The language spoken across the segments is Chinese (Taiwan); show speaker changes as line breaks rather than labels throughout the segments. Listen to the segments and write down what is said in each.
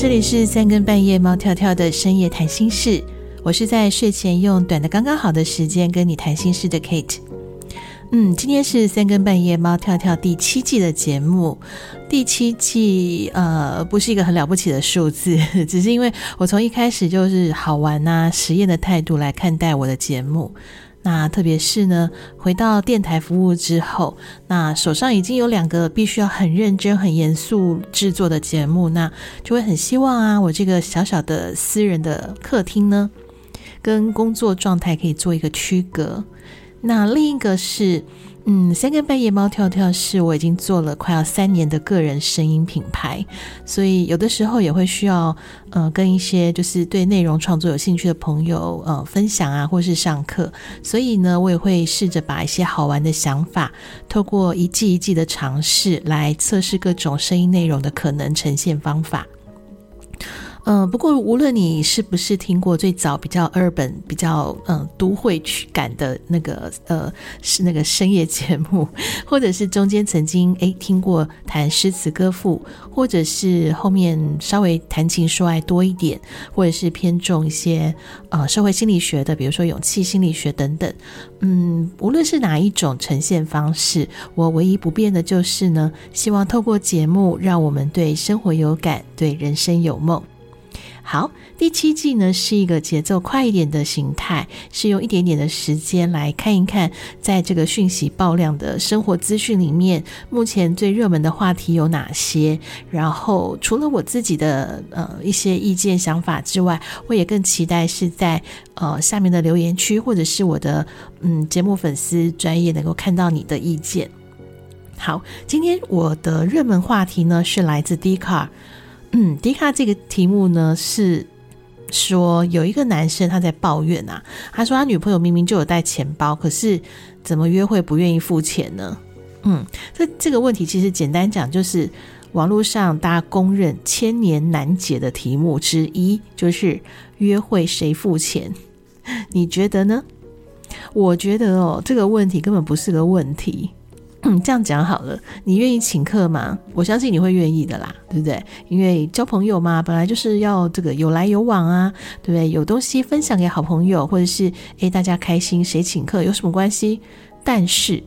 這裡是三更半夜貓跳跳的深夜談心室，我是在睡前用短的剛剛好的時間跟你談心事的 Kate。嗯，今天是三更半夜貓跳跳第七季的節目，第七季，呃，不是一個很了不起的數字，只是因為我從一開始就是好玩吶、啊、實驗的態度來看待我的節目。那特別是呢，回到電台服務之後，那手上已經有兩個必須要很認真、很嚴肅制作的節目，那就會很希望啊，我這個小小的私人的客廳呢，跟工作狀態可以做一個區隔。那另一個是。嗯，三更半夜貓跳跳是我已經做了快要三年的個人聲音品牌，所以有的時候也會需要，呃，跟一些就是對內容創作有興趣的朋友，呃，分享啊，或是上課，所以呢，我也會試着把一些好玩的想法，透過一季一季的嘗試，來測試各種聲音內容的可能呈現方法。嗯，不過無論你是不是聽過最早比較 urban 比較嗯都會去感的那個呃是那個深夜節目，或者是中間曾經哎聽過談詩詞歌賦，或者是後面稍微談情說愛多一點，或者是偏重一些呃社會心理學的，比如說勇氣心理學等等，嗯，無論是哪一種呈現方式，我唯一不變的就是呢，希望透過節目讓我們對生活有感，對人生有夢。好，第七季呢是一個節奏快一點的形態，是用一點點的時間來看一看，在這個訊息爆量的生活資訊裡面，目前最熱門的話題有哪些？然後除了我自己的呃一些意見想法之外，我也更期待是在呃下面的留言區，或者是我的嗯節目粉絲專頁能夠看到你的意見。好，今天我的熱門話題呢是來自 DCard。嗯，DCard 這個題目呢，是說有一個男生他在抱怨啊，他說他女朋友明明就有帶錢包，可是怎麼約會不願意付錢呢？嗯，這這個問題其實簡單講，就是網絡上大家公認千年難解的題目之一，就是約會誰付錢？你覺得呢？我覺得哦，這個問題根本不是個問題。嗯，這樣講好了，你願意請客嗎？我相信你會願意的啦，對不對？因為交朋友嘛，本來就是要這個有來有往啊，對不對？有東西分享給好朋友，或者是誒，大家開心，誰請客有什麼關係？但是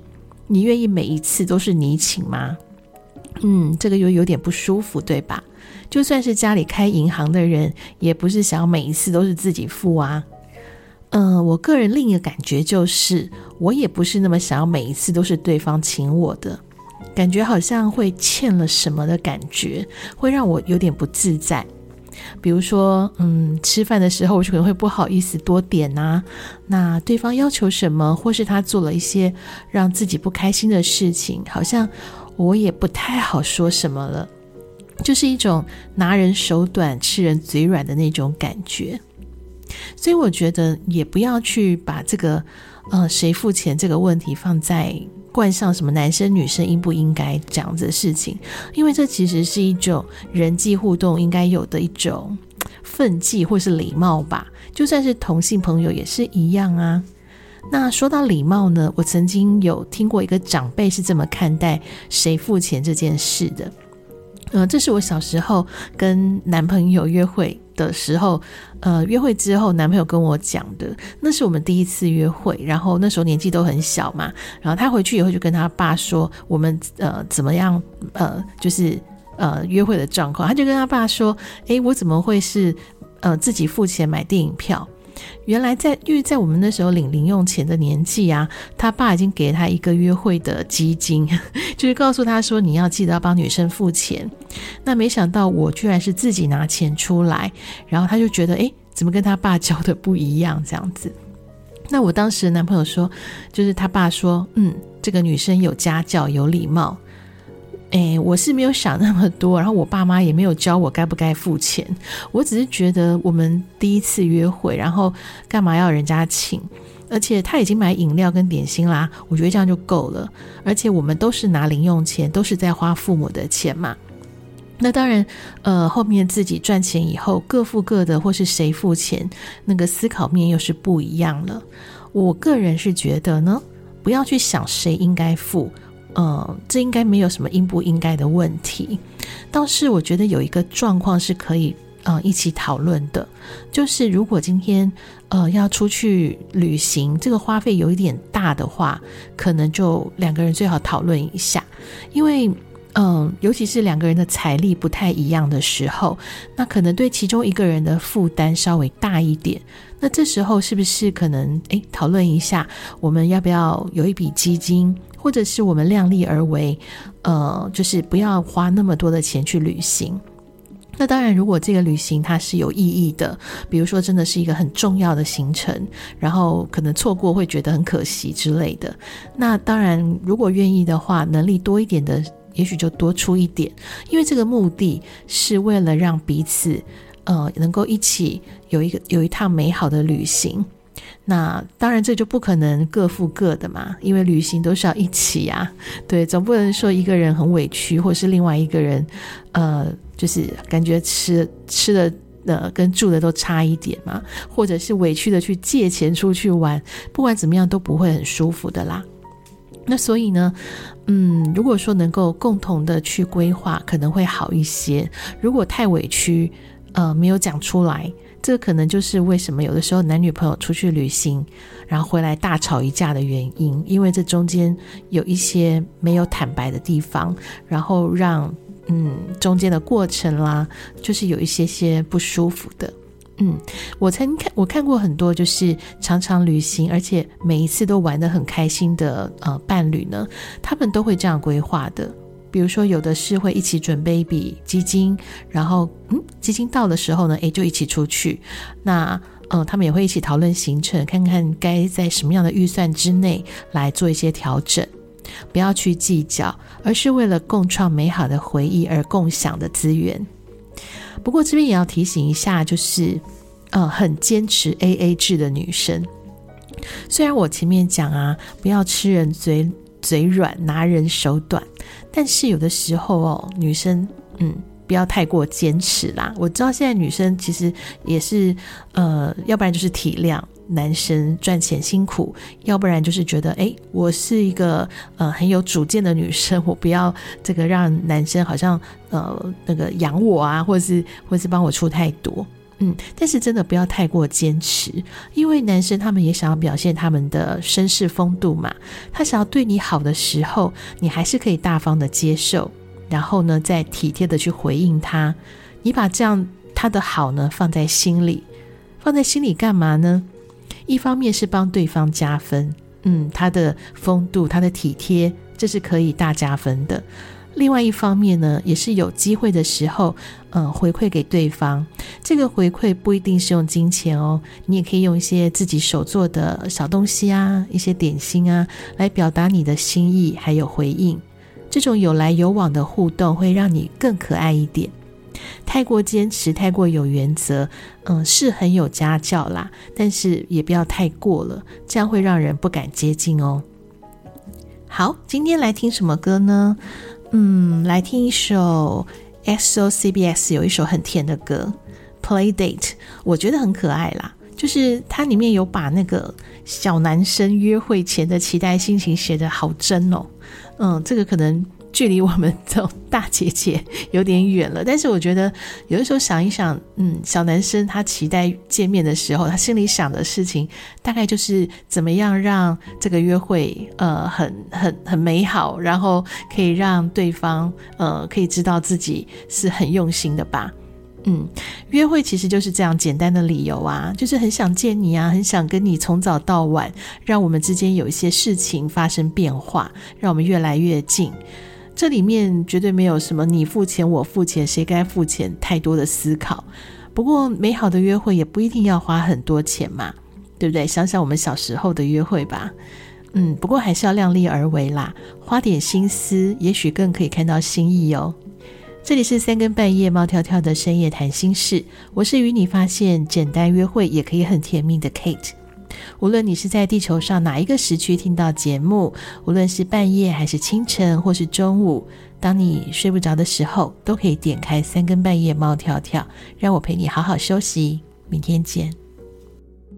你願意每一次都是你請嗎？嗯，這個又有，有點不舒服，對吧？就算是家裡開銀行的人，也不是想要每一次都是自己付啊。嗯、呃，我個人另一個感覺就是。我也不是那麼想要每一次都是對方請我的，感覺好像會欠了什麼的感覺，會讓我有點不自在。比如說，嗯，吃飯的時候我可能會不好意思多點吶、啊。那對方要求什麼，或是他做了一些讓自己不開心的事情，好像我也不太好說什麼了。就是一種拿人手短、吃人嘴軟的那種感覺。所以我覺得也不要去把這個。呃，誰付錢這個問題放在冠上什麼男生女生應不應該這樣子的事情，因為這其實是一種人際互動應該有的一種分際或是禮貌吧。就算是同性朋友也是一樣啊。那說到禮貌呢，我曾經有聽過一個長輩是這麼看待誰付錢這件事的。嗯，這是我小時候跟男朋友約會的時候，呃，約會之後男朋友跟我講的，那是我們第一次約會，然後那時候年紀都很小嘛，然後他回去以後就跟他爸說，我們呃怎麼樣，呃就是呃約會的狀況，他就跟他爸說，誒，我怎麼會是呃自己付錢買電影票？原來在因為在我們那時候領零用錢的年紀啊，他爸已經給了他一個約會的基金，就是告訴他說，你要記得要幫女生付錢。那沒想到我居然是自己拿錢出來，然後他就覺得哎，怎麼跟他爸教的不一樣，這樣子。那我當時男朋友說，就是他爸說，嗯，這個女生有家教，有禮貌。誒，我是沒有想那麼多，然後我爸媽也沒有教我該不該付錢，我只是覺得我們第一次約會，然後幹嘛要人家請，而且他已經買飲料跟點心啦，我覺得這樣就夠了，而且我們都是拿零用錢，都是在花父母的錢嘛。那當然，呃，後面自己賺錢以後，各付各的，或是誰付錢，那個思考面又是不一樣了。我個人是覺得呢，不要去想誰應該付。嗯、呃，這應該沒有什麼應不應該的問題，倒是我覺得有一個狀況是可以啊、呃、一起討論的，就是如果今天呃要出去旅行，這個花費有一點大的話，可能就兩個人最好討論一下，因為嗯、呃，尤其是兩個人的財力不太一樣的時候，那可能對其中一個人的負擔稍微大一點，那這時候是不是可能誒討論一下，我們要不要有一筆基金？或者是我們量力而為，呃，就是不要花那麼多的錢去旅行。那當然，如果這個旅行它是有意義的，比如說真的是一個很重要的行程，然後可能錯過會覺得很可惜之類的。那當然，如果願意的話，能力多一點的，也許就多出一點，因為這個目的是為了讓彼此，呃，能夠一起有一個有一趟美好的旅行。那當然，這就不可能各付各的嘛，因為旅行都是要一起呀，對，總不能說一個人很委屈，或者是另外一個人，呃，就是感覺吃吃的的，呃，跟住的都差一點嘛，或者是委屈的去借錢出去玩，不管怎麼樣都不會很舒服的啦。那所以呢，嗯，如果說能夠共同的去規劃，可能會好一些。如果太委屈，呃，沒有講出來。這可能就是為什麼有的時候男女朋友出去旅行，然後回來大吵一架的原因，因為這中間有一些沒有坦白的地方，然後讓嗯，中間的過程啦，就是有一些些不舒服的。嗯，我曾看，我看過很多，就是常常旅行而且每一次都玩得很開心的呃伴侶呢，他們都會這樣規劃的。比如說，有的是會一起準備一筆基金，然後嗯，基金到的時候呢，誒，就一起出去。那嗯、呃，他們也會一起討論行程，看看該在什麼樣的預算之內來做一些調整，不要去計較，而是為了共創美好的回憶而共享的資源。不過這邊也要提醒一下，就是呃，很堅持 AA 制的女生，雖然我前面講啊，不要吃人嘴。嘴軟拿人手短，但是有的時候哦，女生嗯，不要太過堅持啦。我知道現在女生其實也是呃，要不然就是體諒男生賺錢辛苦，要不然就是覺得哎、欸，我是一個呃很有主見的女生，我不要這個讓男生好像呃那個養我啊，或是或是幫我出太多。嗯，但是真的不要太過堅持，因為男生他們也想要表現他們的紳士風度嘛。他想要對你好的時候，你還是可以大方的接受，然後呢再體貼的去回應他。你把這樣他的好呢放在心裡，放在心裡幹嘛呢？一方面是幫對方加分，嗯，他的風度，他的體貼，這是可以大加分的。另外一方面呢，也是有機會的時候，嗯，回饋給對方。這個回饋不一定是用金錢哦，你也可以用一些自己手做的小東西啊，一些點心啊，來表達你的心意，還有回應。這種有來有往的互動會讓你更可愛一點。太過堅持，太過有原則，嗯，是很有家教啦，但是也不要太過了，這樣會讓人不敢接近哦。好，今天來聽什麼歌呢？嗯，來聽一首 S.O.C.B.S 有一首很甜的歌《Play Date》，我覺得很可愛啦。就是它裡面有把那個小男生約會前的期待心情寫得好真哦、喔。嗯，這個可能。距離我們這種大姐姐有點遠了，但是我覺得有的時候想一想，嗯，小男生他期待見面的時候，他心裡想的事情大概就是怎麼樣讓這個約會呃很很很美好，然後可以讓對方呃可以知道自己是很用心的吧，嗯，約會其實就是這樣簡單的理由啊，就是很想見你啊，很想跟你從早到晚，讓我們之間有一些事情發生變化，讓我們越來越近。這裡面絕對沒有什麼你付錢我付錢誰該付錢太多的思考，不過美好的約會也不一定要花很多錢嘛，對不對？想想我們小時候的約會吧，嗯，不過還是要量力而為啦，花點心思，也許更可以看到心意哦。這裡是三更半夜貓跳跳的深夜談心室，我是與你發現簡單約會也可以很甜蜜的 Kate。無論你是在地球上哪一個時區聽到節目，無論是半夜還是清晨，或是中午，當你睡不着的時候，都可以點開三更半夜貓跳跳，讓我陪你好好休息。明天見。